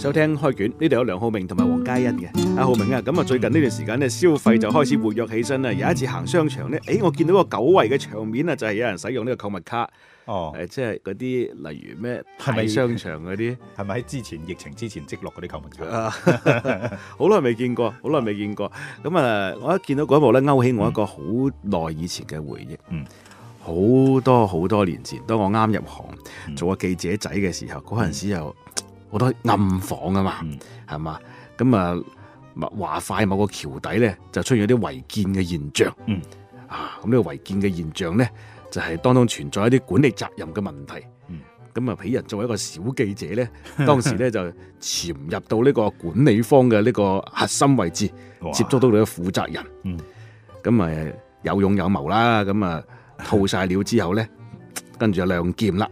收聽開卷，呢度有梁浩明同埋黃嘉欣嘅。阿浩明啊，咁啊最近呢段時間呢，消費就開始活躍起身啦，嗯。有一次行商場呢，誒我見到個久違嘅場面啊，就係有人使用呢個購物卡。哦，誒即係嗰啲例如咩係咪商場嗰啲？係咪喺之前疫情之前積落嗰啲購物卡？好耐未見過，好耐未見過。咁，嗯，啊，嗯嗯，我一見到嗰一幕勾起我一個好耐以前嘅回憶。嗯，好多好多年前，當我啱入行，嗯，做個記者仔嘅時候，嗰陣時又。好多暗訪啊嘛，係、嗯、嘛？咁啊，華快某個橋底咧就出現咗啲違建嘅現象，嗯、啊，咁呢個違建嘅現象咧就係、是、當中存在一啲管理責任嘅問題。咁、嗯、啊，俾人作為一個小記者咧、嗯，當時咧 就潛入到呢個管理方嘅呢個核心位置，接觸到佢嘅負責人。咁、嗯、啊，有勇有謀啦。咁、嗯、啊，套晒料之後咧，跟住就亮劍啦。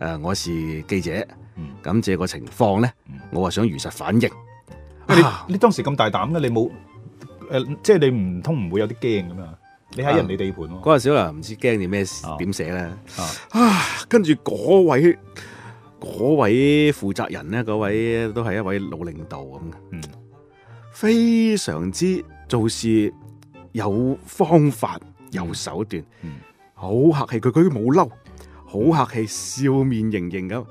誒，我是記者。咁即係個情況咧、嗯，我話想如實反映。你你當時咁大膽咧？你冇誒、呃，即係你唔通唔會有啲驚咁啊？你喺人哋地盤。嗰陣時啊，唔知驚你咩事點寫咧。啊，跟住嗰位嗰位負責人咧，嗰位都係一位老領導咁嘅、嗯，非常之做事有方法、有手段，好、嗯嗯、客氣，佢佢冇嬲，好客氣，笑面盈盈咁。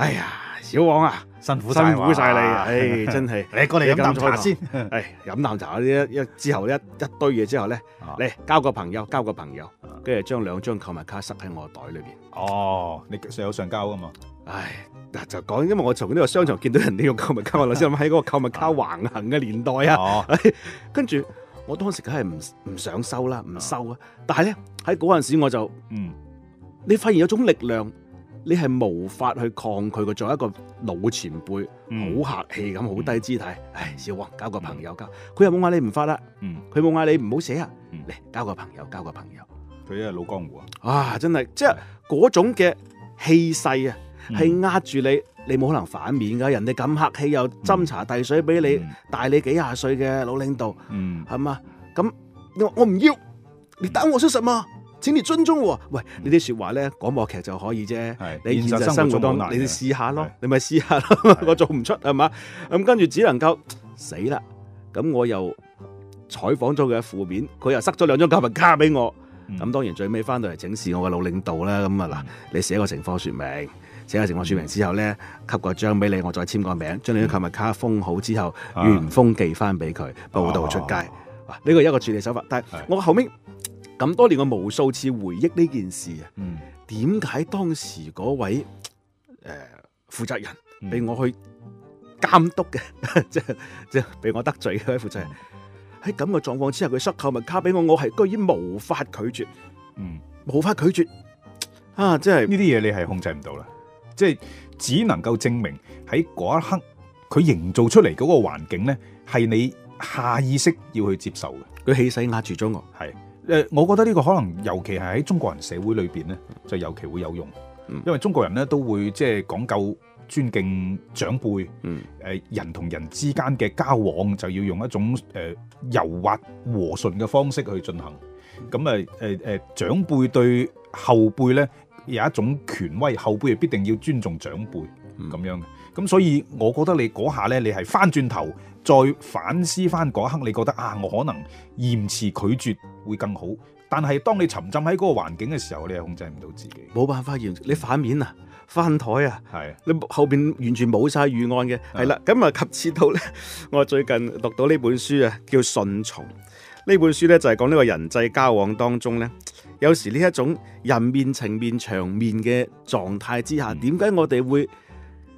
哎呀，小王啊，辛苦辛苦晒你，唉、哎，真係 你過嚟飲啖茶先，唉、哎，飲啖茶，一一之後一一堆嘢之後咧，嚟、啊、交個朋友，交個朋友，跟住將兩張購物卡塞喺我袋裏邊。哦，你上有上交噶嘛？唉，嗱，就講，因為我從呢個商場見到人哋用購物卡，我先諗喺嗰個購物卡橫行嘅年代啊。跟、啊、住 我當時梗係唔唔想收啦，唔收啊！但係咧喺嗰陣時我就，嗯，你發現有種力量。你係無法去抗拒佢，作為一個老前輩，好、嗯、客氣咁，好、嗯、低姿態、嗯。唉，小王，交個朋友、嗯、交。佢又冇嗌你唔發啦，佢冇嗌你唔好寫啊。嚟、嗯，交個朋友，交個朋友。佢亦係老江湖啊，哇，真係即係嗰種嘅氣勢啊，係壓住你，你冇可能反面噶。嗯、人哋咁客氣，又斟茶遞水俾你，大、嗯、你幾廿歲嘅老領導，係、嗯、嘛？咁你話我唔要，你等我出什嘛。請你尊重喎、哦！喂，嗯、你說話呢啲説話咧，廣播劇就可以啫。你現實生活多難，你試下咯，你咪試下咯。 我做唔出係嘛？咁跟住只能夠死啦。咁我又採訪咗佢嘅負面，佢又塞咗兩張購物卡俾我。咁、嗯、當然最尾翻到嚟請示我嘅老領導啦。咁啊嗱，你寫個情況説明，寫個情況説明之後咧，給個章俾你張我，我再簽個名，將你啲購物卡封好之後，嗯、原封寄翻俾佢，報道出街。呢、嗯、個、嗯嗯、係一個處理手法，但係我後面。咁多年，我無數次回憶呢件事啊。點、嗯、解當時嗰位誒、呃、負責人俾我去監督嘅，即係即係俾我得罪嗰位負責人喺咁嘅狀況之下，佢塞購物卡俾我，我係居然無法拒絕，嗯，無法拒絕啊！即係呢啲嘢你係控制唔到啦，即、就、係、是、只能夠證明喺嗰一刻佢營造出嚟嗰個環境咧，係你下意識要去接受嘅，佢氣勢壓住咗我係。誒，我覺得呢個可能尤其係喺中國人社會裏邊咧，就尤其會有用，因為中國人咧都會即係講究尊敬長輩，誒人同人之間嘅交往就要用一種誒柔滑和順嘅方式去進行，咁啊誒誒長輩對後輩咧有一種權威，後輩必定要尊重長輩咁樣，咁所以我覺得你嗰下咧，你係翻轉頭。再反思翻嗰刻，你覺得啊，我可能延遲拒絕會更好。但係當你沉浸喺嗰個環境嘅時候，你係控制唔到自己，冇辦法延。你反面啊，翻台啊，係你後邊完全冇晒預案嘅。係啦，咁啊及至到呢？我最近讀到呢本書啊，叫《順從》。呢本書呢，就係講呢個人際交往當中呢，有時呢一種人面情面場面嘅狀態之下，點解我哋會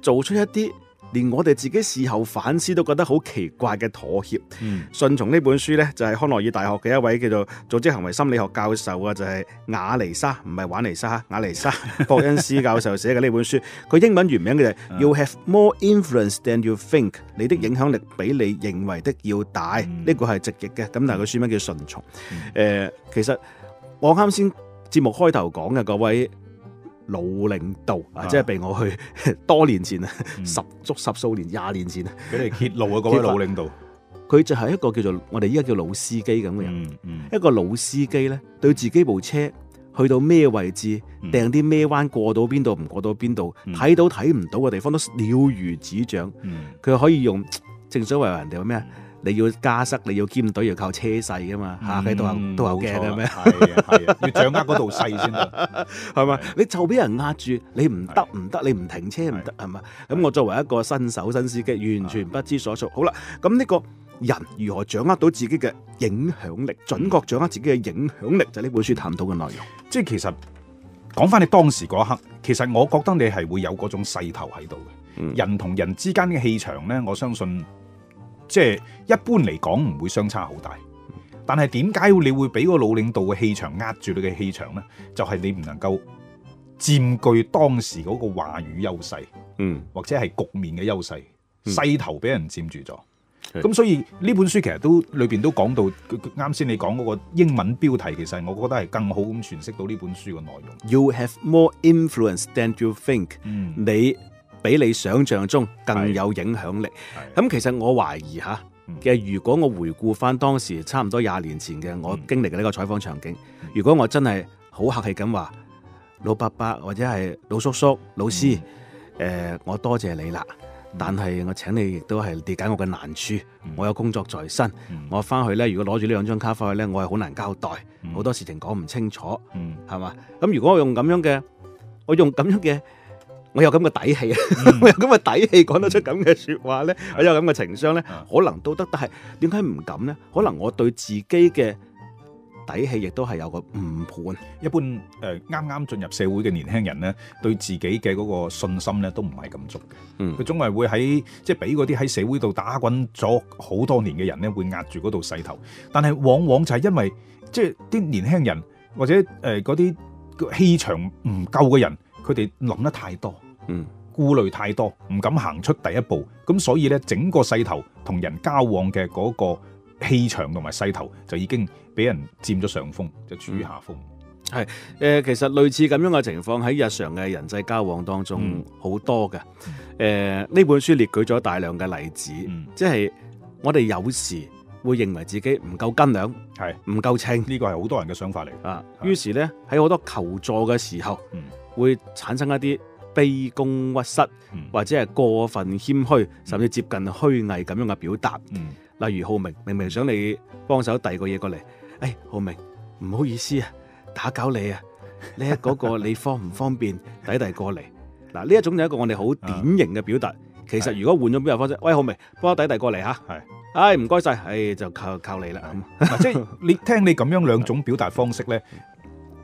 做出一啲連我哋自己事後反思都覺得好奇怪嘅妥協、嗯、順從。呢本書呢，就係、是、康奈爾大學嘅一位叫做組織行為心理學教授啊，就係、是、瓦尼莎，唔係玩尼莎，瓦尼莎 博恩斯教授寫嘅呢本書。佢英文原名嘅就係嗯、You have more influence than you think，你的影響力比你認為的要大。呢個係直譯嘅，咁但係佢書名叫順從。嗯呃、其實我啱先節目開頭講嘅各位。老領導啊，即係被我去多年前啊、嗯，十足十數年、廿年前啊，俾你揭露啊，嗰位老領導，佢就係一個叫做我哋依家叫老司機咁嘅人、嗯嗯，一個老司機咧，對自己部車去到咩位置，掟啲咩彎，過到邊度唔過到邊度，睇、嗯、到睇唔到嘅地方都了如指掌，佢、嗯、可以用正所謂人哋話咩啊？嗯你要加塞，你要兼隊，要靠車勢噶嘛？嚇，你都係都係好嘅咩？要掌握嗰度勢先啦，係嘛？ 你就俾人壓住，你唔得唔得，你唔停車唔得係嘛？咁我作為一個新手新司機，完全不知所措。好啦，咁呢個人如何掌握到自己嘅影響力，準確掌握自己嘅影響力，就係呢本書談到嘅內容。即係其實講翻你當時嗰刻，其實我覺得你係會有嗰種勢頭喺度嘅。人同人之間嘅氣場咧，我相信。即、就、係、是、一般嚟講唔會相差好大，但係點解你會俾個老領導嘅氣場壓住你嘅氣場呢？就係、是、你唔能夠佔據當時嗰個話語優勢，嗯，或者係局面嘅優勢，勢頭俾人佔住咗。咁、嗯、所以呢本書其實都裏邊都講到，啱先你講嗰個英文標題，其實我覺得係更好咁詮釋到呢本書嘅內容。You have more influence than you think they...、嗯。你比你想象中更有影響力。咁其實我懷疑吓嘅，如果我回顧翻當時差唔多廿年前嘅我經歷嘅呢個採訪場景，如果我真係好客氣咁話，老伯伯或者係老叔叔、老師，誒、呃，我多謝，謝你啦。但係我請你亦都係理解我嘅難處，我有工作在身，我翻去呢。如果攞住呢兩張卡翻去呢，我係好難交代，好多事情講唔清楚，係嘛？咁如果我用咁樣嘅，我用咁樣嘅。我有咁嘅底氣，我、嗯、 有咁嘅底氣講、嗯、得出咁嘅説話咧、嗯，我有咁嘅情商咧、嗯，可能都得，但係點解唔敢咧？可能我對自己嘅底氣亦都係有個誤判。一般誒啱啱進入社會嘅年輕人咧，對自己嘅嗰個信心咧都唔係咁足嘅。佢、嗯、總係會喺即係俾嗰啲喺社會度打滾咗好多年嘅人咧，會壓住嗰度勢頭。但係往往就係因為即係啲年輕人或者誒嗰啲氣場唔夠嘅人，佢哋諗得太多。嗯，顧慮太多，唔敢行出第一步，咁所以呢，整個勢頭，同人交往嘅嗰個氣場同埋勢頭就已經俾人佔咗上風，就處於下風。係、嗯、誒、呃，其實類似咁樣嘅情況喺日常嘅人際交往當中好多嘅。誒、嗯、呢、呃、本書列舉咗大量嘅例子，嗯、即係我哋有時會認為自己唔夠斤兩，係唔夠稱呢個係好多人嘅想法嚟。啊，於是呢，喺好多求助嘅時候、嗯，會產生一啲。卑躬屈膝，或者係過分謙虛，甚至接近虛偽咁樣嘅表達、嗯，例如浩明，明明想你幫手遞個嘢過嚟，哎，浩明，唔好意思啊，打攪你啊，呢一個你方唔方便，抵 遞過嚟，嗱呢一種有一個我哋好典型嘅表達、嗯，其實如果換咗表達方式，喂，浩明，幫我抵遞過嚟吓、啊，係，哎，唔該晒，哎，就靠靠你啦，即、嗯、係、嗯、 你聽你咁樣兩種表達方式咧。嗯嗯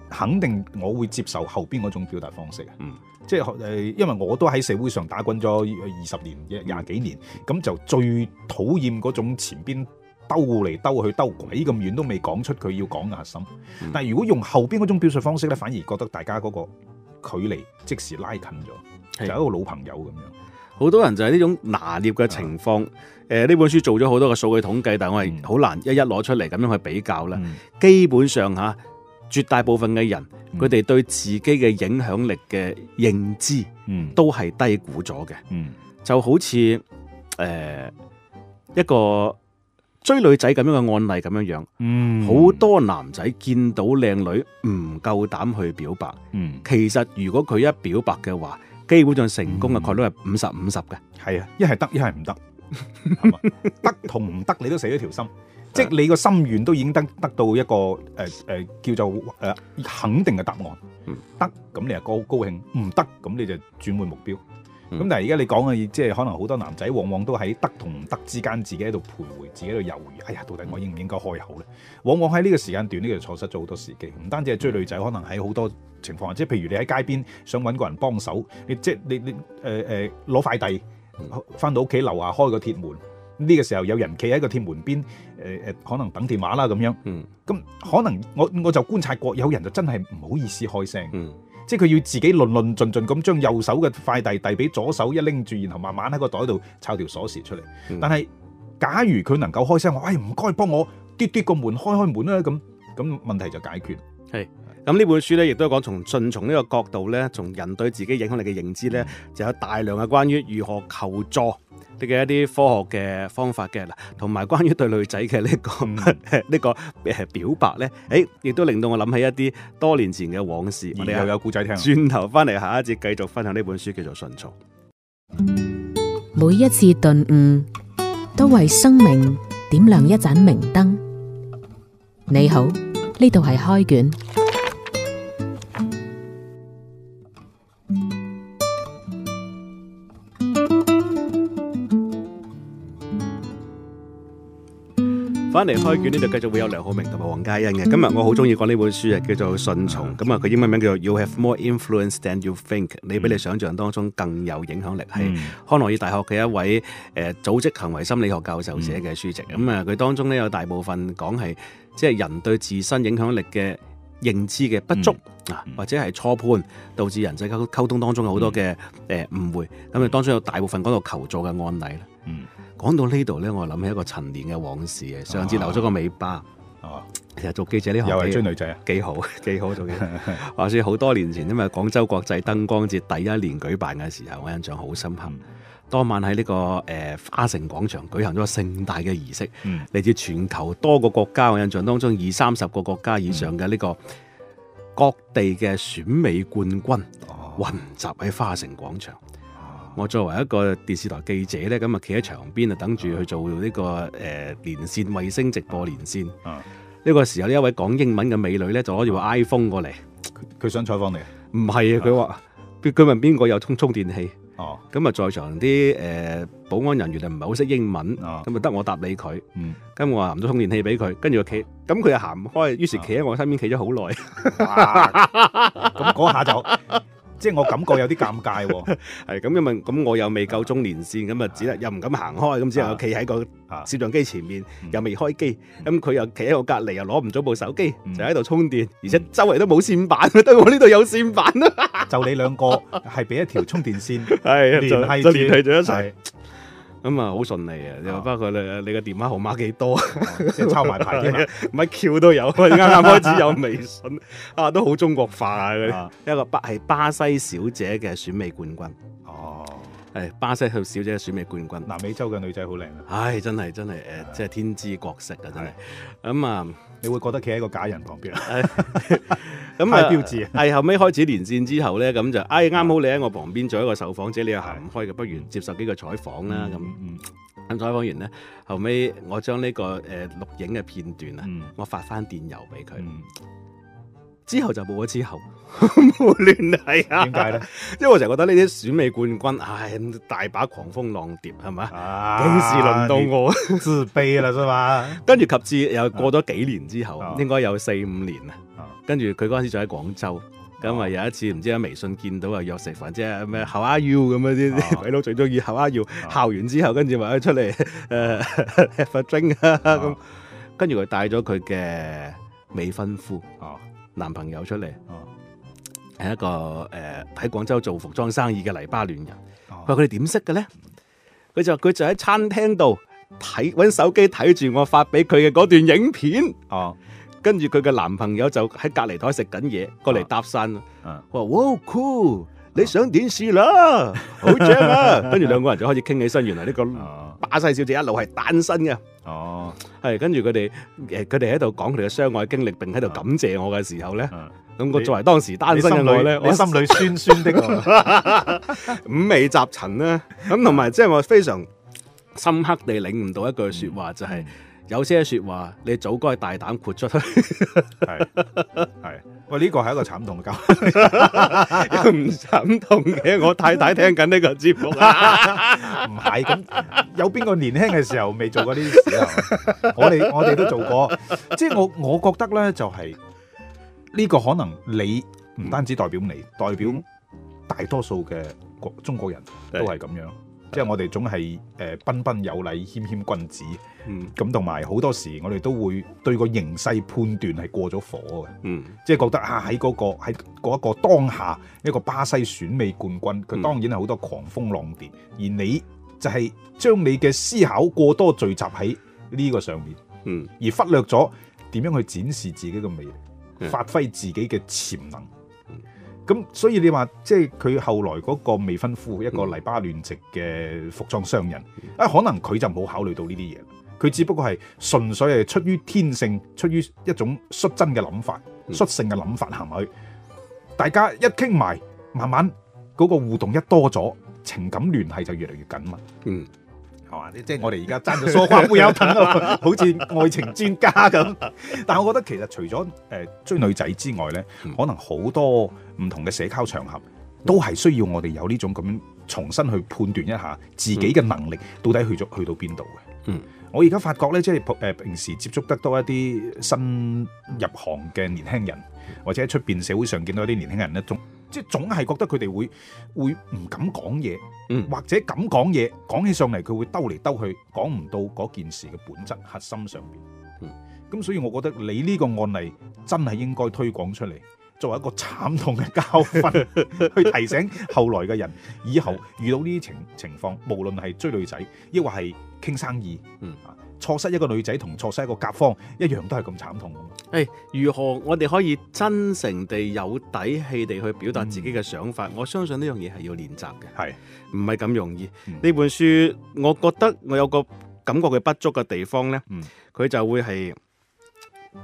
肯定我會接受後邊嗰種表達方式，嗯，即係，誒，因為我都喺社會上打滾咗二十年廿幾年，咁、嗯、就最討厭嗰種前邊兜嚟兜去兜鬼咁遠、嗯、都未講出佢要講嘅核心。嗯、但係如果用後邊嗰種表述方式咧，反而覺得大家嗰個距離即時拉近咗、嗯，就一個老朋友咁樣。好多人就係呢種拿捏嘅情況。誒，呢、呃、本書做咗好多嘅數據統計，但係我係好難一一攞出嚟咁樣去比較啦、嗯。基本上吓。絕大部分嘅人，佢、嗯、哋對自己嘅影響力嘅認知，嗯，都係低估咗嘅，嗯，就好似誒、呃、一個追女仔咁樣嘅案例咁樣樣，嗯，好多男仔見到靚女唔夠膽去表白，嗯，其實如果佢一表白嘅話，基本上成功嘅概率係五十五十嘅，係啊，一係 係、啊、 得一係唔得，得同唔得你都死咗條心。即係你個心願都已經得得到一個誒誒、呃、叫做誒、呃、肯定嘅答案，得、嗯、咁你係高高興，唔得咁你就轉換目標。咁、嗯、但係而家你講嘅，即係可能好多男仔往往都喺得同唔得之間自己，自己喺度徘徊，自己喺度猶豫。哎呀，到底我應唔應該開口咧？往往喺呢個時間段，呢、呢個就錯失咗好多時機。唔單止係追女仔，可能喺好多情況，即係譬如你喺街邊想揾個人幫手，你即係你你誒誒攞快遞，翻、呃呃、到屋企樓下開個鐵門。呢、這個時候有人企喺個鐵門邊，誒、呃、誒，可能等電話啦咁樣。嗯，咁可能我我就觀察過，有人就真係唔好意思開聲，嗯，即係佢要自己論論盡盡咁將右手嘅快遞遞俾左手一拎住，然後慢慢喺個袋度抄條鎖匙出嚟，嗯。但係假如佢能夠開聲話，喂唔該，哎、幫我嘟嘟個門開開門啦，咁咁問題就解決。係咁呢本書咧，亦都講從順從呢個角度咧，從人對自己影響力嘅認知咧，嗯，就有大量嘅關於如何求助，嘅一啲科學嘅方法嘅嗱，同埋關於對女仔嘅呢個呢個誒表白呢，誒亦都令到我諗起一啲多年前嘅往事。我哋又有故仔聽。轉頭翻嚟，下一節繼續分享呢本書，叫做《順從》。每一次頓悟，都為生命點亮一盞明燈。你好，呢度係開卷。翻嚟開卷呢度繼續會有梁浩明同埋黃嘉欣嘅。今日我好中意講呢本書啊，叫做《順從》。咁、嗯、啊，佢英文名叫做《You Have More Influence Than You Think、嗯》。你比你想象當中更有影響力，係康奈爾大學嘅一位誒、呃、組織行為心理學教授寫嘅書籍。咁、嗯、啊，佢、嗯嗯、當中呢，有大部分講係即係人對自身影響力嘅認知嘅不足啊、嗯嗯，或者係初判，導致人際溝溝通當中有好多嘅誒誤會。咁啊，當中有大部分講到求助嘅案例啦。嗯。講到呢度呢我諗起一個陳年嘅往事嘅，上次留咗個尾巴。哦、啊啊，其實做記者呢行又係追女仔，幾好幾好做記者。話 說好多年前，因為廣州國際燈光節第一年舉辦嘅時候，我印象好深刻。嗯、當晚喺呢、這個誒、呃、花城廣場舉行咗個盛大嘅儀式，嚟、嗯、自全球多個國家，我印象當中二三十個國家以上嘅呢個各地嘅選美冠軍，哦、雲集喺花城廣場。我作為一個電視台記者咧，咁啊企喺牆邊啊等住去做呢、呢個誒、呃、連線衛星直播連線。呢、啊呢個時候呢，一位講英文嘅美女咧，就攞住部 iPhone 過嚟，佢想採訪你。唔係啊，佢話佢問邊個有充充電器。哦、啊，咁啊在場啲誒、呃、保安人員就唔係好識英文，咁啊得我答理佢。嗯，咁我話唔咗充電器俾佢，跟住我企，咁佢又行唔開，於是企喺我身邊企咗好耐。咁嗰下就～ 即係我感覺有啲尷尬，係咁問，咁我又未夠中年線，咁啊，只能又唔敢行開，咁之後我企喺個攝像機前面，又未開機，咁佢又企喺我隔籬，又攞唔到部手機，就喺度充電，而且周圍都冇線板，得我呢度有線板啦，就你兩個係俾一條充電線，係連繫住，連繫住一齊。咁啊，好順利啊！又、哦、包括你，你嘅電話號碼幾多？先、哦、 抄埋牌嘅，乜 Q 都有，啱啱開始有微信 啊，都好中國化啊！嗰一個巴係巴西小姐嘅選美冠軍哦。係巴西去小姐的選美冠軍，南美洲嘅女仔好靚啊！唉，真係真係，誒，即係天姿國色啊，真係。咁啊、嗯，你會覺得企喺個假人旁邊，咁啊 標志啊。係後尾開始連線之後咧，咁就，唉，啱好你喺我旁邊做一個受訪者，你又行唔開嘅，不如接受幾個採訪啦。咁咁採訪完呢，後尾我將呢、這個誒錄、呃、影嘅片段啊、嗯，我發翻電郵俾佢。嗯之後就冇咗之後冇聯繫啊？點解咧？因為我成日覺得呢啲選美冠軍，唉，大把狂風浪蝶係嘛，幾、啊、時輪到我？自卑啦，啫嘛。跟住及至又過咗幾年之後應該，應該有四五年啦。跟住佢嗰陣時仲喺廣州，咁啊有一次唔知喺微信見到啊，約食飯，即係咩 How are you 咁樣啲？鬼佬最中意 How are you？笑完之後，後、啊，跟住話出嚟，誒，Have a drink 啊咁。跟住佢帶咗佢嘅未婚夫。男朋友出嚟，係、哦、一個誒喺、呃、廣州做服裝生意嘅黎巴嫩人。佢話佢哋點識嘅咧？佢就佢就喺餐廳度睇揾手機睇住我發俾佢嘅嗰段影片。哦，跟住佢嘅男朋友就喺隔離台食緊嘢，過嚟搭訕。嗯、哦，佢話哇，o cool。酷你想點事啦？好正啊！跟 住兩個人就開始傾起身，原來呢個巴西小姐一路係單身嘅。哦，係跟住佢哋佢哋喺度講佢哋嘅相愛經歷，並喺度感謝我嘅時候呢。咁、哦、我作為當時單身嘅我呢，我心裏酸酸的，酸酸的， 五味雜陳呢、啊。咁同埋即係我非常深刻地領悟到一句說話，嗯、就係、是、有些說話你早該大膽豁出去。 喂、哦，呢、這個係一個慘痛嘅教，又唔慘痛嘅。我太太聽緊呢個節目，唔係咁。有邊個年輕嘅時候未做過呢啲事啊？我哋我哋都做過。即係我我覺得咧，就係、是、呢個可能你唔單止代表你，代表大多數嘅國中國人都係咁樣。即係我哋總係誒、呃、彬彬有禮、謙謙君子，咁同埋好多時我哋都會對個形勢判斷係過咗火嘅、嗯，即係覺得啊喺嗰個喺一個當下一個巴西選美冠軍，佢當然係好多狂風浪蝶、嗯，而你就係將你嘅思考過多聚集喺呢個上面，嗯、而忽略咗點樣去展示自己嘅魅力，發揮自己嘅潛能。咁所以你話即係佢後來嗰個未婚夫，一個黎巴嫩籍嘅服裝商人，啊、嗯、可能佢就冇考慮到呢啲嘢，佢只不過係純粹係出於天性，出於一種率真嘅諗法、嗯、率性嘅諗法，行去。大家一傾埋，慢慢嗰個互動一多咗，情感聯繫就越嚟越緊密。嗯。哦、即係我哋而家爭咗梳化，冇 有好似愛情專家咁。但係我覺得其實除咗誒追女仔之外咧、嗯，可能好多唔同嘅社交場合都係需要我哋有呢種咁重新去判斷一下自己嘅能力到底去咗去到邊度嘅。嗯，我而家發覺咧，即係誒平時接觸得多一啲新入行嘅年輕人，或者喺出邊社會上見到一啲年輕人咧，都。即係總係覺得佢哋會會唔敢講嘢、嗯，或者敢講嘢，講起上嚟佢會兜嚟兜去，講唔到嗰件事嘅本質核心上邊。咁、嗯、所以我覺得你呢個案例真係應該推廣出嚟，作為一個慘痛嘅教訓， 去提醒後來嘅人，以後遇到呢啲情情況，無論係追女仔，抑或係傾生意。嗯錯失一個女仔同錯失一個甲方一樣都係咁慘痛的。誒、hey，如何我哋可以真誠地、有底氣地去表達自己嘅想法、嗯？我相信呢樣嘢係要練習嘅，係唔係咁容易？呢、嗯、本書我覺得我有個感覺嘅不足嘅地方呢，佢、嗯、就會係。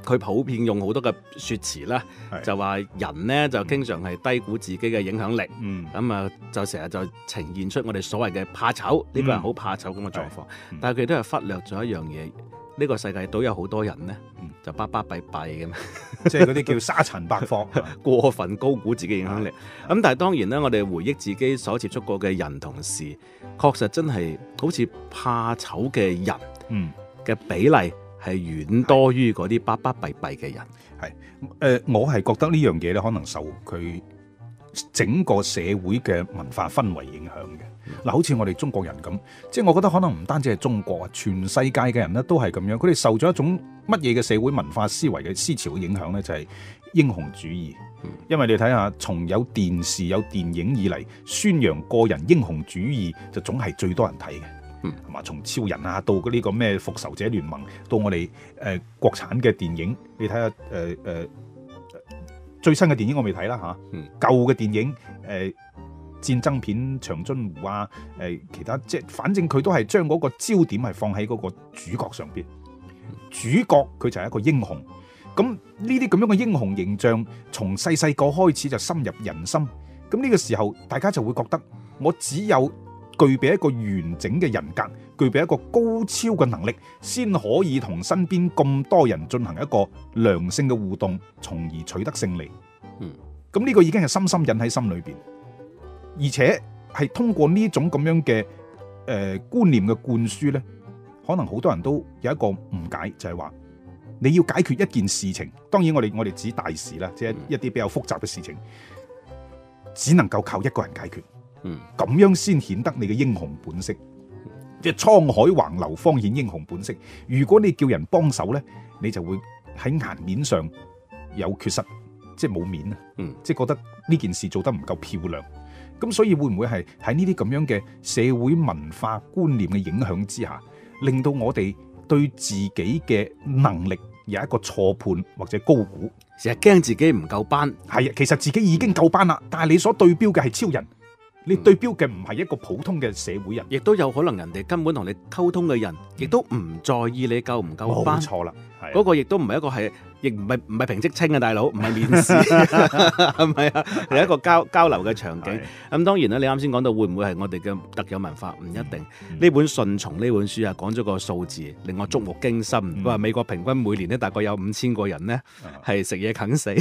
佢普遍用好多嘅説詞啦，就話人呢就經常係低估自己嘅影響力。咁、嗯、啊，就成日就呈現出我哋所謂嘅怕醜，呢個人好怕醜咁嘅狀況。嗯、但係佢都係忽略咗一樣嘢，呢、呢個世界都有好多人呢，嗯、就巴巴閉閉嘅，即係嗰啲叫沙塵白霍， 過分高估自己的影響力。咁、嗯、但係當然咧，我哋回憶自己所接觸過嘅人同時，確實真係好似怕醜嘅人嘅比例，嗯係遠多於嗰啲巴巴閉閉嘅人，係誒，我係覺得呢樣嘢咧，可能受佢整個社會嘅文化氛圍影響嘅。嗱、嗯，好似我哋中國人咁，即係我覺得可能唔單止係中國啊，全世界嘅人咧都係咁樣。佢哋受咗一種乜嘢嘅社會文化思維嘅思潮嘅影響呢？就係、是、英雄主義。嗯、因為你睇下，從有電視有電影以嚟，宣揚個人英雄主義就總係最多人睇嘅。同埋，從超人啊到呢個咩復仇者聯盟，到我哋誒、呃、國產嘅電影，你睇下誒誒最新嘅電影我未睇啦嚇，舊嘅電影誒、呃、戰爭片長津湖啊誒、呃、其他即反正佢都係將嗰個焦點係放喺嗰個主角上邊，主角佢就係一個英雄。咁呢啲咁樣嘅英雄形象，從細細個開始就深入人心。咁呢個時候，大家就會覺得我只有。具備一個完整嘅人格，具備一個高超嘅能力，先可以同身邊咁多人進行一個良性嘅互動，從而取得勝利。嗯，咁呢個已經係深深印喺心裏邊，而且係通過呢種咁樣嘅誒觀念嘅灌輸呢，可能好多人都有一個誤解，就係話你要解決一件事情，當然我哋我哋指大事啦，即係一啲比較複雜嘅事情，只能夠靠一個人解決。嗯，咁樣先顯得你嘅英雄本色，即係滄海橫流方顯英雄本色。如果你叫人幫手呢，你就會喺顏面上有缺失，即係冇面啊。嗯，即係覺得呢件事做得唔夠漂亮。咁所以會唔會係喺呢啲咁樣嘅社會文化觀念嘅影響之下，令到我哋對自己嘅能力有一個錯判或者高估？成日驚自己唔夠班，係啊，其實自己已經夠班啦，但係你所對標嘅係超人。你對標嘅唔係一個普通嘅社會人，亦、嗯、都有可能人哋根本同你溝通嘅人，亦、嗯、都唔在意你夠唔夠班。冇錯啦，嗰、那個亦都唔係一個係。亦唔係唔係評職稱啊，大佬唔係面試，係 咪啊？係一個交交流嘅場景。咁、嗯、當然啦，你啱先講到會唔會係我哋嘅特有文化？唔一定。呢、嗯嗯、本《順從》呢本書啊，講咗個數字令我觸目驚心。話、嗯、美國平均每年呢，大概有五千個人呢係食嘢啃死。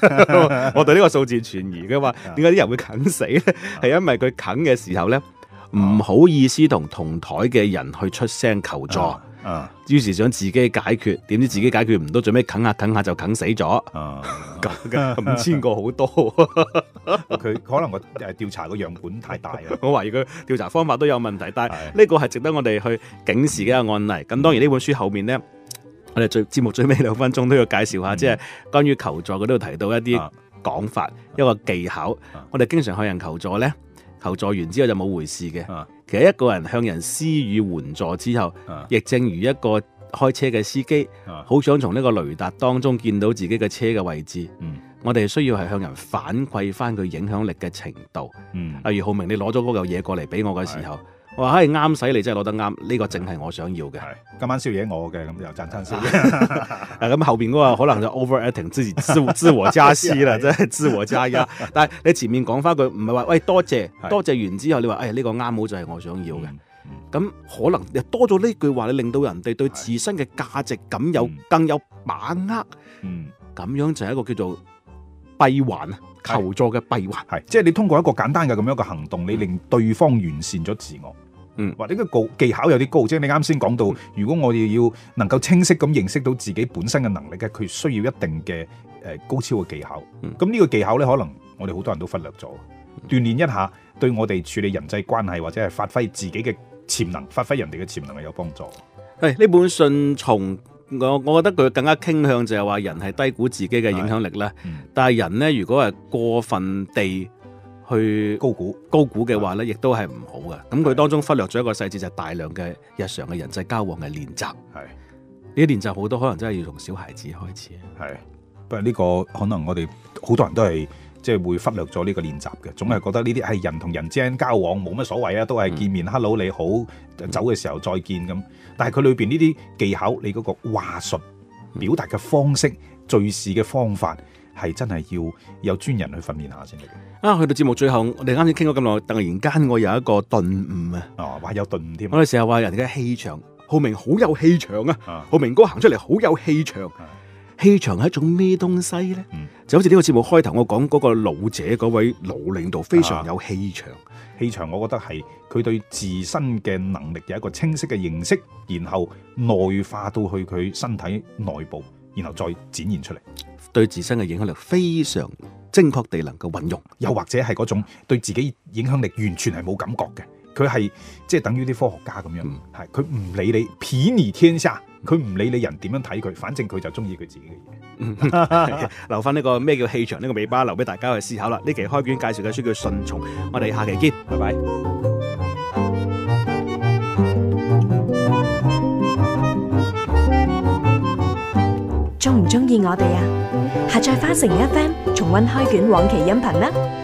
嗯、 我對呢個數字存疑。佢話點解啲人會啃死咧？係、嗯、因為佢啃嘅時候呢，唔、嗯、好意思同同台嘅人去出聲求助。嗯嗯啊！於是想自己解決，點知自己解決唔到，最尾啃下啃下就啃死咗。啊，咁 嘅五千個好多。佢 可能個調查個樣本太大啦， 我懷疑佢調查方法都有問題。但係呢個係值得我哋去警示嘅一個案例。咁、嗯、當然呢本書後面呢，我哋最節目最尾兩分鐘都要介紹下，即、嗯、係、就是、關於求助，佢都要提到一啲講法、啊，一個技巧。我哋經常向人求助呢。求助完之後就冇回事嘅、啊，其實一個人向人施予援助之後，亦、啊、正如一個開車嘅司機，好、啊、想從呢個雷達當中見到自己嘅車嘅位置。嗯、我哋需要係向人反饋翻佢影響力嘅程度。例、嗯、如浩明，你攞咗嗰嚿嘢過嚟俾我嘅時候。嗯我係啱使你真，真係攞得啱，呢個正係我想要嘅。係今晚宵夜我嘅，咁又賺餐宵夜。誒，咁後邊嗰個可能就 overacting 之自，自我加私啦，真係自我加嘅。 但係你前面講翻句，唔係話喂多謝，多謝完之後你話，哎、欸、呢、這個啱好就係、是、我想要嘅。咁、嗯嗯嗯、可能又多咗呢句話，你令到人哋對自身嘅價值感有、嗯、更有把握。嗯，咁樣就係一個叫做閉環啊，求助嘅閉環。係，即係你通過一個簡單嘅咁樣嘅行動，你令對方完善咗自我。嗯，或者個技巧有啲高，即、就、係、是、你啱先講到，嗯，如果我哋要能夠清晰咁認識到自己本身嘅能力咧，佢需要一定嘅誒、呃、高超嘅技巧。咁、嗯、呢個技巧呢，可能我哋好多人都忽略咗，嗯，鍛鍊一下，對我哋處理人際關係或者係發揮自己嘅潛能、發揮人哋嘅潛能係有幫助。係呢本順從我，我覺得佢更加傾向就係話人係低估自己嘅影響力啦、嗯。但係人呢，如果係過分地。去高估的高估嘅話呢，亦都係唔好嘅。咁佢當中忽略咗一個細節，就係、是、大量嘅日常嘅人際交往嘅練習。係呢啲練習，好多可能真係要從小孩子開始。係，不過呢個可能我哋好多人都係即係會忽略咗呢個練習嘅，總係覺得呢啲係人同人之間交往冇乜所謂啊，都係見面、嗯、hello 你好，走嘅時候再見咁。但係佢裏邊呢啲技巧，你嗰個話術、表達嘅方式、敘、嗯、事嘅方法。係真係要有專人去訓練下先得嘅。啊，去到節目最後，我哋啱先傾咗咁耐，突然間我有一個頓悟啊！哦，話有頓悟添、啊。我哋成日話人哋嘅氣場，浩明好有氣場啊！浩、啊、明哥行出嚟好有氣場。氣、啊、場係一種咩東西咧、嗯？就好似呢個節目開頭我講嗰個老者嗰位老領導，非常有氣場。氣、啊、場我覺得係佢對自身嘅能力有一個清晰嘅認識，然後內化到去佢身體內部，然後再展現出嚟。對自身嘅影響力非常精確地能夠運用，又或者係嗰種對自己影響力完全係冇感覺嘅，佢係即係等於啲科學家咁樣，係佢唔理你睥睨天下，佢唔理你人點樣睇佢，反正佢就中意佢自己嘅嘢。嗯、 留翻呢、呢個咩叫氣場呢、呢個尾巴，留俾大家去思考啦。呢期開卷介紹嘅書叫《順從》，我哋下期見，拜拜。鍾唔鍾意我哋啊？下載花城 FM 重溫開卷往期音頻啦！